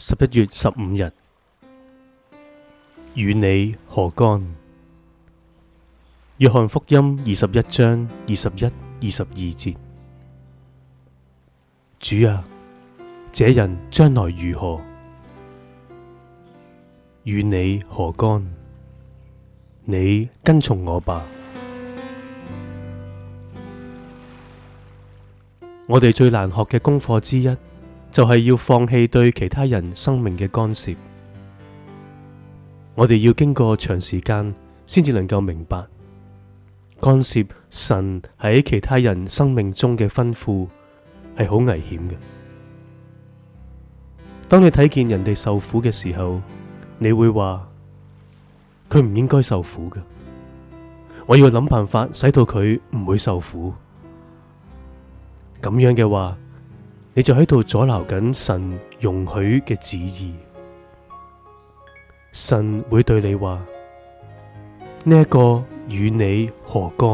十一月十五日，與你何干？約翰福音二十一章二十一、二十二節：「主啊，這人將來如何？與你何干？你跟從我吧。我哋最難學嘅功課之一。就係要放棄對其他人生命嘅干涉，我哋要經過長時間先至能夠明白干涉神喺其他人生命中嘅吩咐係好危險嘅。當你睇見人哋受苦嘅時候，你會話佢唔應該受苦嘅，我要諗辦法使到佢唔會受苦。咁樣嘅話。你就喺度阻撓緊神容許嘅旨意，神會對你話：呢一個與你何干？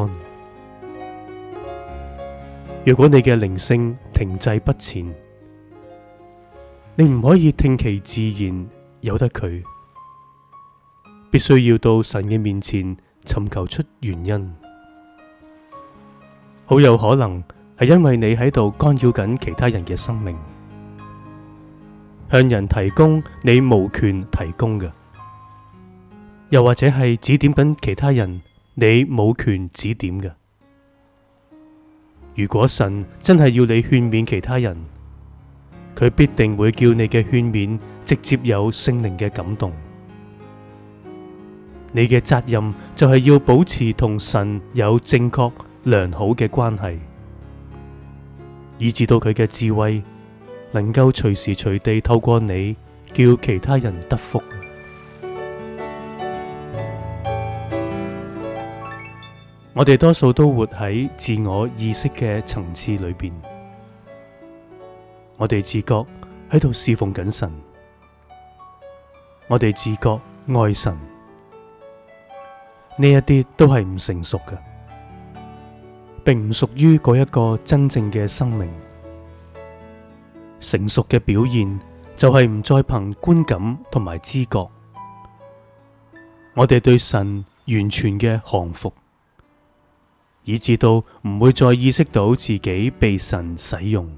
若果你嘅靈性停滯不前，你唔可以聽其自然由得佢，必須要到神嘅面前尋求出原因。好有可能。係因為你喺度干擾緊其他人嘅生命，向人提供你無權提供嘅，又或者係指點緊其他人你冇權指點嘅。如果神真係要你勸勉其他人，佢必定會叫你嘅勸勉直接有聖靈嘅感動。你嘅責任就係要保持同神有正確良好嘅關係。以至到佢嘅智慧能夠隨時隨地透過你叫其他人得福。我哋多數都活喺自我意識嘅層次裏邊，我哋自覺喺度侍奉緊神，我哋自覺愛神，呢一啲都係唔成熟嘅，並唔屬於嗰一個真正嘅生命。成熟嘅表現就係唔再憑觀感同埋知覺，我哋對神完全嘅降服，以至到唔會再意識到自己被神使用。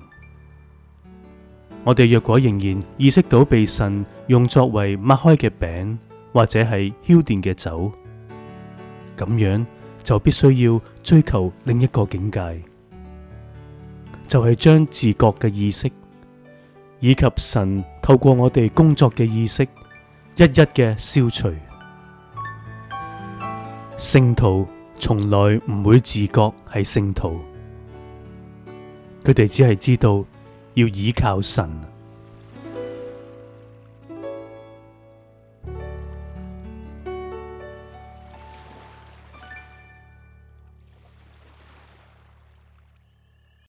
我哋若果仍然意識到被神用作為擘開嘅餅，或者係澆奠嘅酒，咁樣就必須要追求另一個境界，就係將自覺嘅意識。以及神透過我哋工作嘅意識，一一嘅消除。聖徒從來唔會自覺係聖徒，佢哋只係知道要依靠神。